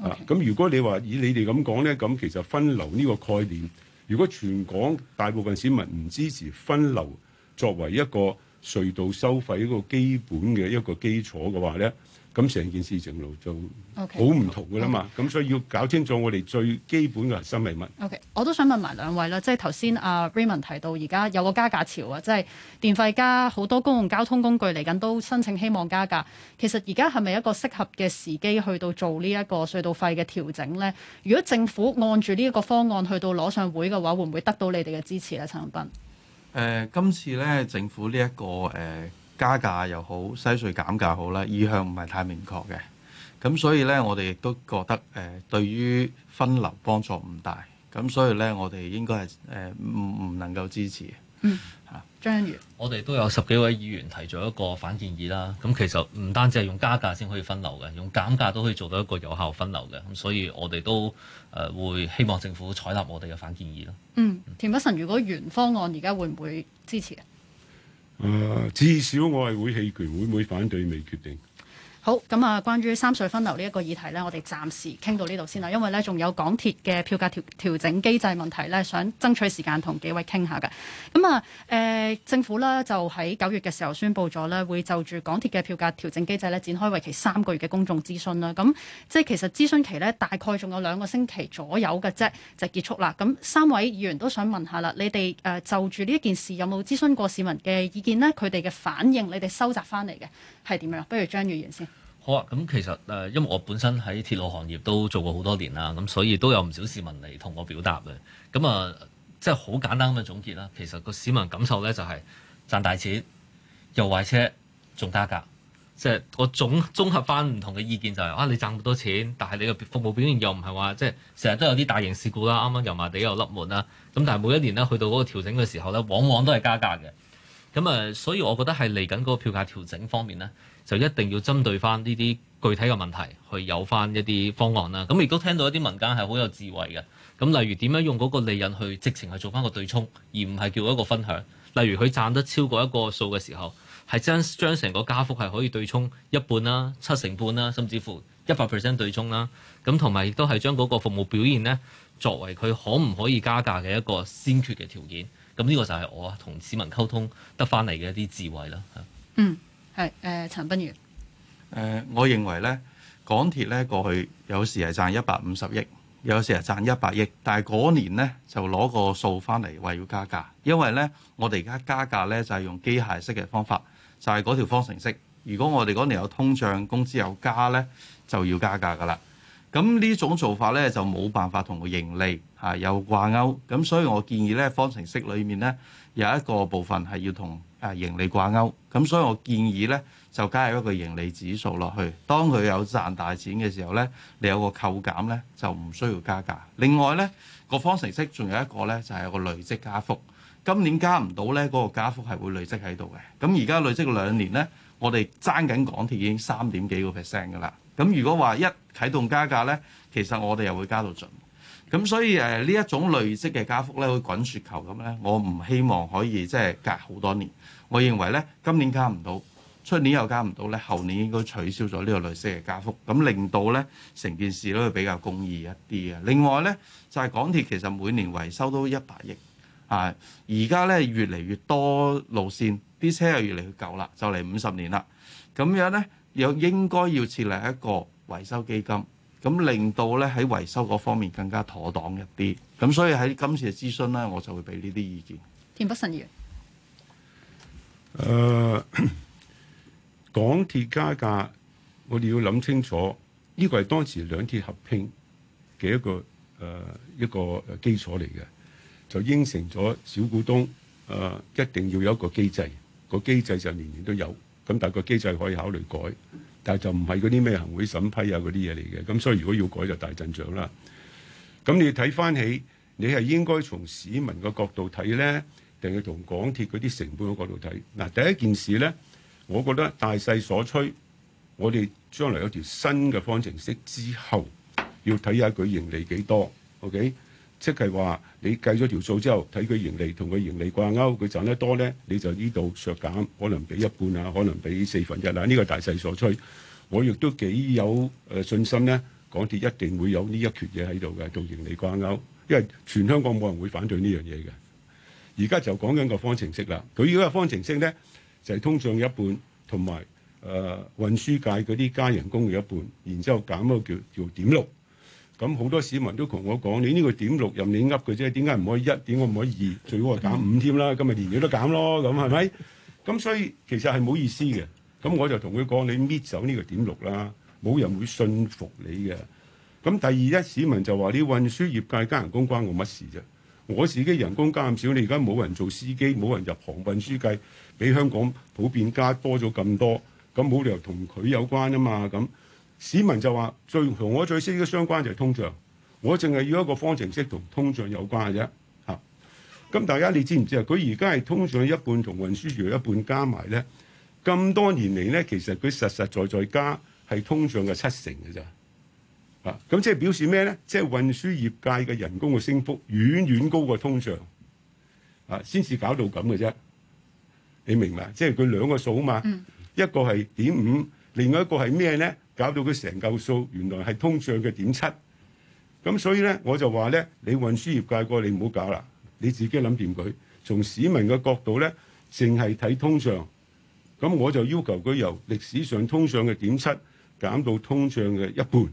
Okay. 啊，咁如果你話以你哋咁講咧，咁其實分流呢個概念，如果全港大部分市民唔支持分流作為一個隧道收費一個基本嘅一個基礎嘅話咧。咁成件事情路就好唔同噶啦嘛，咁 Okay,、嗯、所以要搞清楚我哋最基本嘅核心係乜？OK，我都想問埋兩位啦，即係頭先阿 Raymond 提到而家有個加價潮啊，即係電費加好多公共交通工具嚟緊都申請希望加價。其實而家係咪一個適合嘅時機去到做呢一個隧道費嘅調整咧？如果政府按住呢一個方案去到攞上會嘅話，會唔會得到你哋嘅支持咧？陳恒鑌，誒、呃，今次咧政府呢、這、一個誒。呃加價又好，西稅減價好啦，意向唔係太明確嘅。咁所以呢，我哋亦都覺得誒、呃，對於分流幫助唔大。咁所以呢，我哋應該係誒唔唔能夠支持。嗯，吓，張欣宇。 [NOISE] 我哋都有十幾位議員提咗一個反建議啦。咁其實唔單止係用加價先可以分流嘅，用減價都可以做到一個有效分流嘅。咁所以我，我哋都誒會希望政府採納我哋嘅反建議咯。嗯，嗯，田北辰，如果原方案而家會唔會支持？誒、啊，至少我係會棄權，會唔會反對未決定？好咁啊、嗯，關於三隧分流呢一個議題呢，我哋暫時傾到呢度先啦，因為呢，仲有港鐵嘅票價調調整機制問題呢，想爭取時間同幾位傾下嘅。咁、嗯、啊，誒、呃、政府呢，就喺九月嘅時候宣布咗呢，會就住港鐵嘅票價調整機制呢，展開為期三個月嘅公眾諮詢啦。咁、嗯、即係其實諮詢期呢，大概仲有兩個星期左右嘅啫，就結束啦。咁、嗯、三位議員都想問下啦，你哋誒、呃、就住呢一件事有冇諮詢過市民嘅意見呢？佢哋嘅反應，你哋收集翻嚟嘅，係點樣？不如張議員先。好啊，咁、嗯、其實誒、呃，因為我本身喺鐵路行業都做過好多年啦，咁、嗯、所以都有唔少市民嚟同我表達嘅。咁、嗯、啊、呃，即係好簡單咁嘅總結啦。其實個市民感受咧就係、是、賺大錢又壞車，仲加價。即係我總綜合返唔同嘅意見就係、是、啊，你賺咁多錢，但係你嘅服務表現又唔係話即係成日都有啲大型事故啦，啱啱油麻地又甩門啦。咁但係每一年咧去到嗰個調整嘅時候咧，往往都係加價嘅。咁誒，所以我覺得係嚟緊嗰個票價調整方面咧，就一定要針對翻呢啲具體嘅問題去有翻一啲方案啦。咁亦都聽到一啲民間係好有智慧嘅。咁例如點樣用嗰個利潤去直情係做翻個對沖，而唔係叫一個分享。例如佢賺得超過一個數嘅時候，係將將成個加幅係可以對沖一半啦、啊、七成半啦、啊，甚至乎一百 percent 對沖啦、啊。咁同埋亦都係將嗰個服務表現咧，作為佢可唔可以加價嘅一個先決嘅條件。咁呢個就係我同市民溝通得翻嚟嘅一啲智慧啦。嗯，係誒、呃、陳恒鑌誒、呃，我認為咧，港鐵咧過去有時係賺一百五十億，有時係賺一百億，但係嗰年咧就攞個數翻嚟話要加價，因為咧我哋而家加價咧就係、是、用機械式嘅方法，就係、是、嗰條方程式。如果我哋嗰年有通脹，工資有加咧，就要加價㗎喇。咁呢種做法咧就冇辦法同個盈利啊有掛鈎，咁所以我建議咧方程式裏面咧有一個部分係要同啊盈利掛鈎，咁所以我建議咧就加入一個盈利指數落去，當佢有賺大錢嘅時候咧，你有個扣減咧就唔需要加價。另外咧個方程式仲有一個咧就係有個累積加幅，今年加唔到咧嗰個加幅係會累積喺度嘅。咁而家累積兩年咧，我哋爭緊港鐵已經三點幾個 percent 嘅啦。咁如果話一啟動加價咧，其實我哋又會加到盡。咁所以誒呢一種累積嘅加幅咧，會滾雪球咁咧，我唔希望可以即係隔好多年。我認為咧，今年加唔到，出年又加唔到咧，後年應該取消咗呢個累積嘅加幅，咁令到咧成件事都會比較公義一啲啊。另外咧就係港鐵其實每年維修都一百億啊，而家咧越嚟越多路線，啲車又越嚟越舊啦，就嚟五十年啦，咁樣咧。有應該要設立一個維修基金，咁令到咧喺維修嗰方面更加妥當一啲。咁所以喺今次嘅諮詢咧，我就會俾呢啲意見。田北辰議員，誒港鐵加價，我哋要諗清楚呢個係當時兩鐵合拼嘅一個誒一個基礎嚟嘅，就應承咗小股東誒一定要有一個機制，個機制就年年都有。咁但個機制可以考慮改，但係就唔係嗰啲咩行會審批啊嗰啲嘢嚟嘅。咁所以如果要改就大陣仗啦。咁你睇翻起，你係應該從市民嘅角度睇咧，定係從港鐵嗰啲成本嘅角度睇？嗱，第一件事咧，我覺得大勢所趨，我哋將來有條新嘅方程式之後，要睇下佢盈利幾多。OK。即係話你計咗條數之後，睇佢盈利同佢盈利掛鈎，佢賺得多咧，你就呢度削減，可能俾一半啊，可能俾四分一啊，呢、這個大勢所趨。我亦都幾有誒信心咧，港鐵一定會有呢一拳嘢喺度嘅同盈利掛鈎，因為全香港冇人會反對呢樣嘢嘅。而家就講緊個方程式啦，佢依個方程式咧就係、是、通脹一半，同埋誒運輸界嗰啲加人工嘅一半，然之後減嗰個叫叫點六。咁好多市民都同我講：你呢個點六任你呃嘅啫，點解唔可以一？點解唔可以二？最好係減五添啦！今日年年都減咯，咁係咪？咁所以其實係冇意思嘅。咁我就同佢講：你搣走呢個點六啦，冇人會信服你嘅。咁第二一市民就話：你運輸業界加人工關我乜事啫？我自己人工加咁少，你而家冇人做司機，冇人入行運輸界，比香港普遍加多咗咁多，咁冇理由同佢有關啊嘛？咁市民就話最同我最識嘅相關就係通脹，我淨係要一個方程式同通脹有關嘅啫。嚇、啊！咁大家你知唔知啊？佢而家係通脹一半同運輸業一半加埋咧，咁多年嚟咧，其實佢實實在在加係通脹嘅七成嘅啫。啊！咁即係表示咩咧？即係運輸業界嘅人工嘅升幅遠遠高過通脹啊！先至搞到咁嘅啫，你明白？即係佢兩個數啊嘛，嗯、一個係點五，5，另外一個係咩咧？搞到佢成嚿數，原來係通脹嘅點七咁，所以咧我就話咧，你運輸業界過你唔好搞啦，你自己諗掂佢。從市民嘅角度咧，淨係睇通脹咁，我就要求佢由歷史上通脹嘅點七減到通脹嘅一半。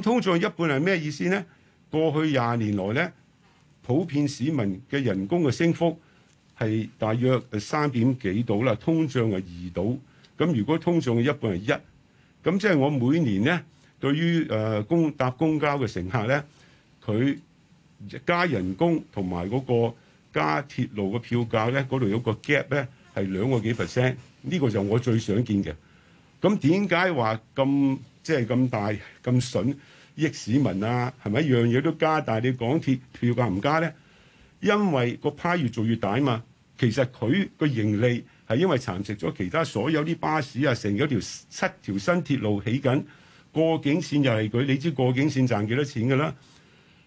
咁通脹一半係咩意思咧？過去廿年來咧，普遍市民嘅人工嘅升幅係大約三點幾度啦，通脹係二度。咁如果通脹嘅一半係一？咁即係我每年咧，對於誒公搭公交嘅乘客咧，佢加人工同埋嗰個加鐵路嘅票價咧，嗰度有個 gap 咧，係兩個幾 percent。呢個就係我最想見嘅。咁點解話咁即係咁大咁筍益市民啊？係咪一樣嘢都加，但係你港鐵票價唔加咧？因為個派越做越大啊嘛，其實佢個盈利。係因為蠶食咗其他所有啲巴士啊，成咗條七條新鐵路起緊，過境線又係佢，你知過境線賺幾多錢噶啦？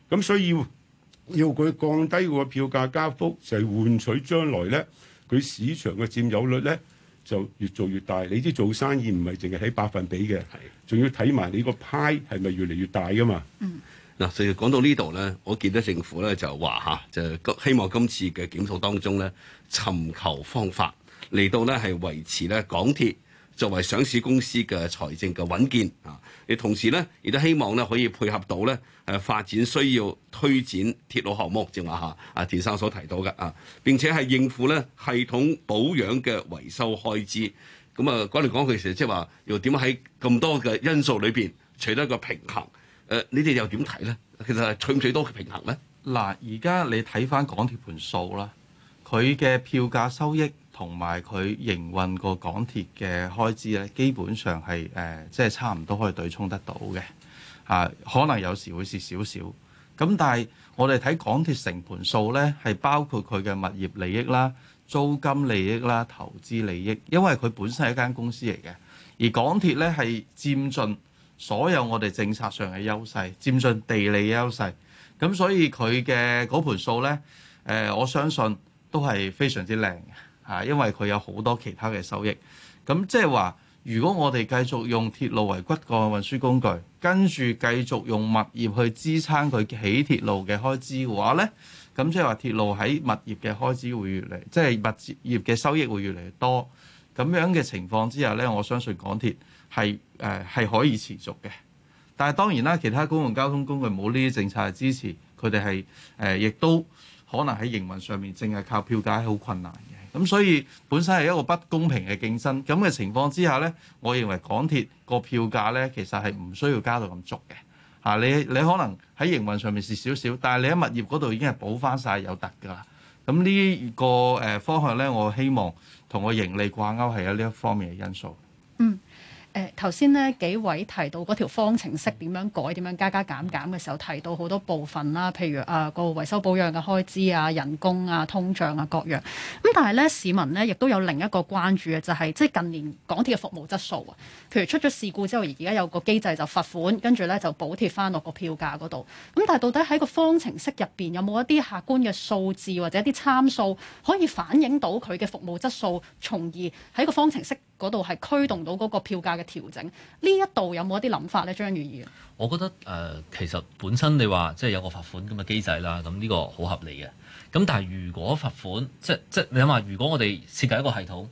咁所以要佢降低個票價加幅，就係、是、換取將來咧佢市場嘅佔有率咧就越做越大。你知做生意唔係淨係睇百分比嘅，係仲的要睇埋你個派係咪越嚟越大噶嘛？嗯，嗱、啊，所以講到呢度咧，我見到政府咧就話吓、啊，就希望今次嘅檢討當中咧尋求方法。嚟到咧係維持咧港鐵作為上市公司嘅財政嘅穩健啊！亦同時咧，亦都希望咧可以配合到咧誒發展需要推展鐵路項目，正話嚇阿田生所提到嘅啊！並且係應付咧系統保養嘅維修開支。咁啊，講嚟講去其實即係話又點喺咁多嘅因素裏邊取得一個平衡？誒，你哋又點睇咧？其實係取唔取多嘅平衡咧？嗱，而家你睇翻港鐵盤數啦，佢嘅票價收益。同埋佢營運個港鐵嘅開支咧，基本上係誒、呃，即係差唔多可以對沖得到嘅嚇、啊。可能有時會蝕少少咁，但係我哋睇港鐵成盤數咧，係包括佢嘅物業利益啦、租金利益啦、投資利益，因為佢本身係一間公司嚟嘅。而港鐵咧係佔盡所有我哋政策上嘅優勢，佔盡地理優勢，咁所以佢嘅嗰盤數咧，誒、呃，我相信都係非常之靚嘅。啊，因為佢有好多其他嘅收益，咁即係話，如果我哋繼續用鐵路為骨幹運輸工具，跟住繼續用物業去支撐佢起鐵路嘅開支嘅話呢，咁即係話鐵路喺物業嘅開支會越嚟，即係物業嘅收益會越嚟越多，咁樣嘅情況之下呢，我相信港鐵係誒係可以持續嘅。但係當然啦，其他公共交通工具冇呢啲政策嘅支持，佢哋係誒亦都可能喺營運上面淨係靠票價，係好困難。咁所以本身係一個不公平嘅競爭，咁嘅情況之下咧，我認為港鐵個票價咧其實係唔需要加到咁足嘅嚇、啊、你，你可能喺營運上面蝕少少，但係你喺物業嗰度已經係補翻晒有突㗎啦。咁呢個誒方向咧，我希望同個盈利掛鈎係有呢一方面嘅因素。誒頭先呢幾位提到嗰條方程式點樣改、點樣加加減減嘅時候，提到好多部分啦，譬如啊個維修保養嘅開支啊、人工啊、通脹啊各樣。咁但係呢，市民呢亦都有另一個關注嘅，就係即係近年港鐵嘅服務質素啊。譬如出咗事故之後，而家有個機制就罰款，跟住呢就補貼翻落個票價嗰度。咁但係到底喺個方程式入邊有冇一啲客觀嘅數字或者一啲參數，可以反映到佢嘅服務質素，從而喺個方程式嗰度係驅動到嗰個票價嘅調整，呢一度有冇一啲諗法咧？張欣宇，我覺得誒、呃，其實本身你話即係有個罰款咁嘅機制啦，咁呢個好合理嘅。咁但係如果罰款，即即你諗下，如果我哋設計一個系統，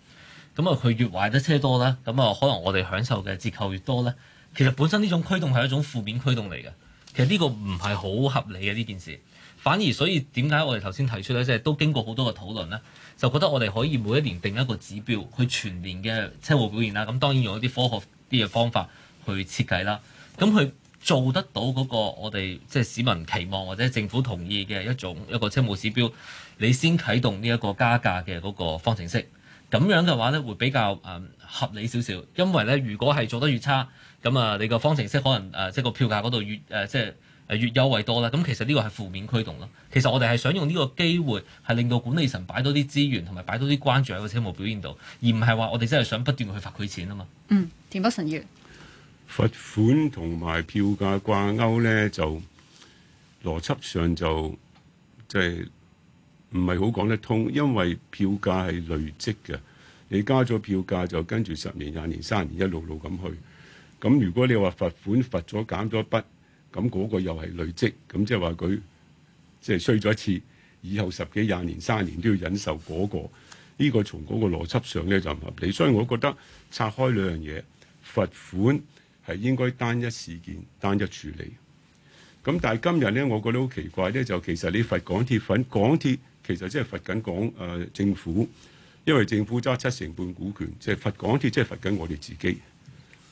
咁啊佢越壞得車多咧，咁啊可能我哋享受嘅折扣越多咧，其實本身呢種驅動係一種負面驅動嚟嘅。其實呢個唔係好合理嘅呢件事。反而，所以點解我哋頭先提出咧，即係都經過好多個討論咧，就覺得我哋可以每一年定一個指標，去全年嘅車務表現啦。咁當然用一啲科學啲嘅方法去設計啦。咁佢做得到嗰個我哋即係市民期望或者政府同意嘅一種一個車務指標，你先啟動呢一個加價嘅嗰個方程式。咁樣嘅話咧，會比較誒合理少少。因為咧，如果係做得越差，咁啊，你個方程式可能誒，即係個票價嗰度越誒，即係。越優惠多啦，咁其實呢個係負面驅動咯。其實我哋係想用呢個機會，係令到管理層擺多啲資源同埋擺多啲關注喺個車務表現度，而唔係話我哋真係想不斷去罰佢錢啊嘛。嗯，田北辰議員罰款同埋票價掛鈎呢，就邏輯上就即係唔係好講得通，因為票價係累積嘅，你加咗票價就跟住十年、廿年、三年一路路咁去。咁如果你話罰款罰咗減咗一筆。咁嗰個又係累積，咁即係話佢即係衰咗一次，以後十幾廿年、三十年都要忍受嗰個，呢個從嗰個邏輯上咧就唔合理，所以我覺得拆開兩樣嘢，罰款係應該單一事件、單一處理。咁但係今日咧，我覺得好奇怪咧，就其實你罰港鐵粉，港鐵其實即係罰緊港誒、呃、政府，因為政府揸七成半股權，即係罰港鐵即係罰緊我哋自己。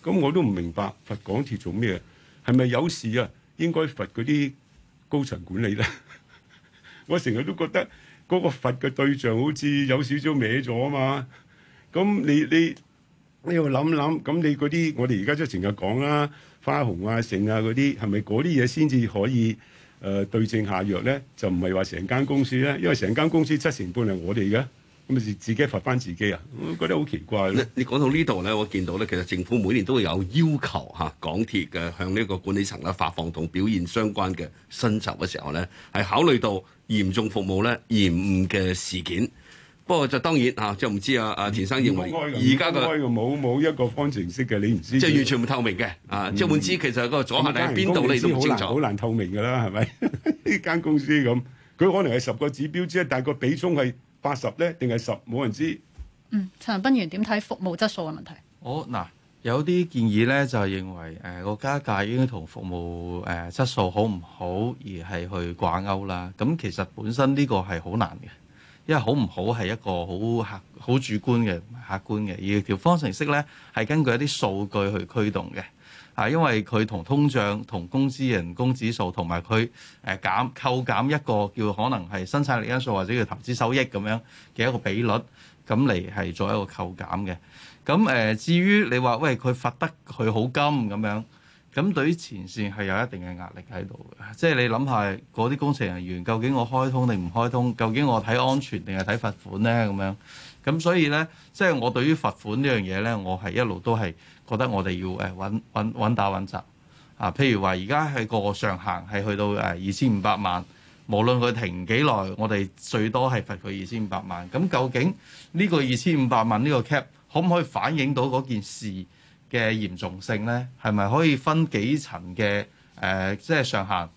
咁我都唔明白罰港鐵做咩？係咪有事啊？應該罰嗰啲高層管理咧？ [LAUGHS] 我成日都覺得嗰個罰嘅對象好似有少少歪咗啊嘛！咁你你你要諗一諗，咁你嗰啲我哋而家即係成日講啦，花紅啊盛啊嗰啲，係咪嗰啲嘢先至可以誒、呃、對症下藥咧？就唔係話成間公司咧，因為成間公司七成半係我哋嘅。咁咪自己罰翻自己啊！我覺得好奇怪。你你講到呢度咧，我見到咧，其實政府每年都會有要求嚇港鐵嘅向呢個管理層咧發放同表現相關嘅薪酬嘅時候咧，係考慮到嚴重服務咧延誤嘅事件。不過就當然嚇，即係唔知啊啊田生認為而家嘅冇冇一個方程式嘅，你唔知即係完全唔透明嘅啊！即係唔知其實個阻嚇係邊度你都唔清楚，好難透明㗎啦，係咪呢間公司咁？佢可能係十個指標之一，但係個比重係。八十呢定係十，冇人知。嗯，陳恒鑌議員點睇服務質素嘅問題？我嗱、oh, 有啲建議呢就係、是、認為誒個加價應該同服務誒、呃、質素好唔好而係去掛鈎啦。咁其實本身呢個係好難嘅，因為好唔好係一個好客好主觀嘅客觀嘅，而條方程式呢係根據一啲數據去驅動嘅。啊，因為佢同通脹、同工資、人工指數，同埋佢誒減扣減一個叫可能係生產力因素或者叫投資收益咁樣嘅一個比率，咁嚟係做一個扣減嘅。咁誒、呃、至於你話喂佢罰得佢好金咁樣，咁對於前線係有一定嘅壓力喺度嘅。即係你諗下嗰啲工程人員，究竟我開通定唔開通？究竟我睇安全定係睇罰款咧？咁樣咁所以咧，即係我對於罰款呢樣嘢咧，我係一路都係。覺得我哋要誒穩穩穩打穩紮啊！譬如話，而家係個個上限，係去到誒二千五百萬，無論佢停幾耐，我哋最多係罰佢二千五百萬。咁究竟呢個二千五百萬呢個 cap 可唔可以反映到嗰件事嘅嚴重性咧？係咪可以分幾層嘅誒，即、呃、係、就是、上限，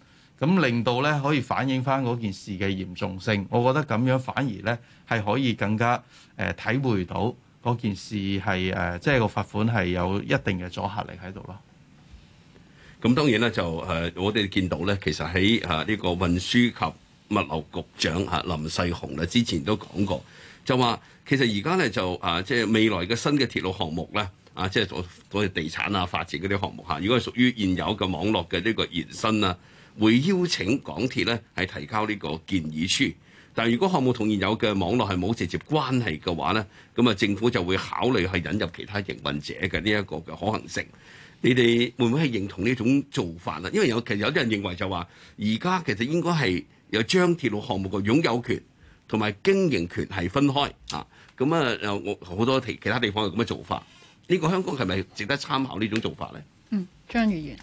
咁令到咧可以反映返嗰件事嘅嚴重性？我覺得咁樣反而咧係可以更加誒、呃、體會到。嗰件事係誒，即係個罰款係有一定嘅阻嚇力喺度咯。咁當然啦，就誒、呃，我哋見到咧，其實喺啊呢、呢個運輸及物流局長啊林世雄咧之前都講過，就話其實而家咧就啊，即係未來嘅新嘅鐵路項目咧，啊，即係所所謂地產啊發展嗰啲項目嚇、啊，如果係屬於現有嘅網絡嘅呢個延伸啊，會邀請港鐵咧係提交呢個建議書。但係如果項目同現有嘅網絡係冇直接關係嘅話咧，咁啊政府就會考慮去引入其他營運者嘅呢一個嘅可行性。你哋會唔會係認同呢種做法啊？因為有其實有啲人認為就話，而家其實應該係有將鐵路項目嘅擁有權同埋經營權係分開啊。咁啊有我好多其其他地方係咁嘅做法。呢、這個香港係咪值得參考呢種做法咧？嗯，張議員，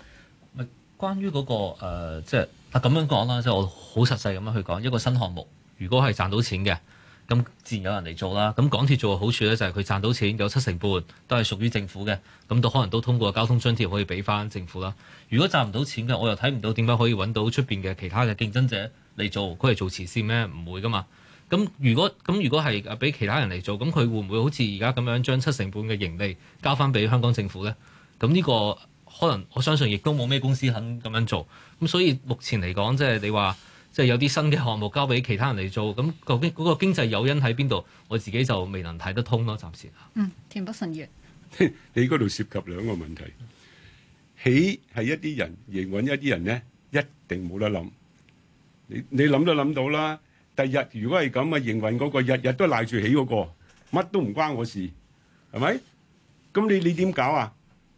係關於嗰、那個、呃、即係啊咁樣講啦，即係我好實際咁樣去講一個新項目。如果係賺到錢嘅，咁自然有人嚟做啦。咁港鐵做嘅好處咧，就係佢賺到錢，有七成半都係屬於政府嘅，咁都可能都通過交通津貼可以俾翻政府啦。如果賺唔到錢嘅，我又睇唔到點解可以揾到出邊嘅其他嘅競爭者嚟做，佢係做慈善咩？唔會噶嘛。咁如果咁如果係俾其他人嚟做，咁佢會唔會好似而家咁樣將七成半嘅盈利交翻俾香港政府呢？咁呢個可能我相信亦都冇咩公司肯咁樣做。咁所以目前嚟講，即係你話。即係有啲新嘅項目交俾其他人嚟做，咁究竟嗰個經濟誘因喺邊度，我自己就未能睇得通咯，暫時。嗯，田北辰月， [LAUGHS] 你嗰度涉及兩個問題，起係一啲人營運一人，一啲人咧，一定冇得諗。你你諗都諗到啦，第日如果係咁啊，營運嗰個日日都賴住起嗰、那個，乜都唔關我事，係咪？咁你你點搞啊？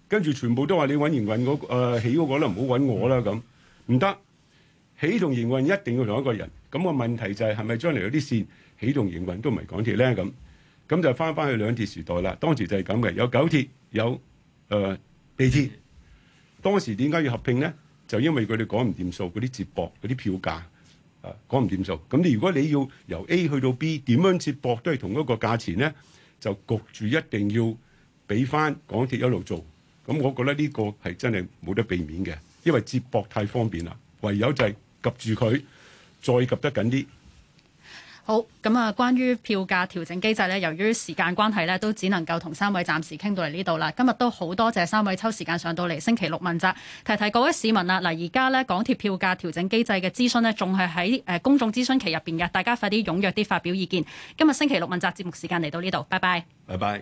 跟住全部都話你搵營運嗰、那個呃、起嗰個啦，唔好搵我啦，咁唔得。起動營運一定要同一個人，咁個問題就係係咪將嚟有啲線起動營運都唔係港鐵咧？咁咁就翻翻去兩鐵時代啦。當時就係咁嘅，有九鐵有誒地鐵。當時點解要合併咧？就因為佢哋講唔掂數，嗰啲接駁嗰啲票價誒講唔掂數。咁你如果你要由 A 去到 B，點樣接駁都係同一個價錢咧，就焗住一定要俾翻港鐵一路做。咁我覺得呢個係真係冇得避免嘅，因為接駁太方便啦。唯有就係。及住佢，再及得緊啲。好，咁啊，關於票價調整機制呢，由於時間關係呢，都只能夠同三位暫時傾到嚟呢度啦。今日都好多謝三位抽時間上到嚟星期六問責，提提各位市民啊。嗱，而家呢港鐵票價調整機制嘅諮詢呢，仲係喺誒公眾諮詢期入邊嘅，大家快啲踴躍啲發表意見。今日星期六問責節目時間嚟到呢度，拜拜，拜拜。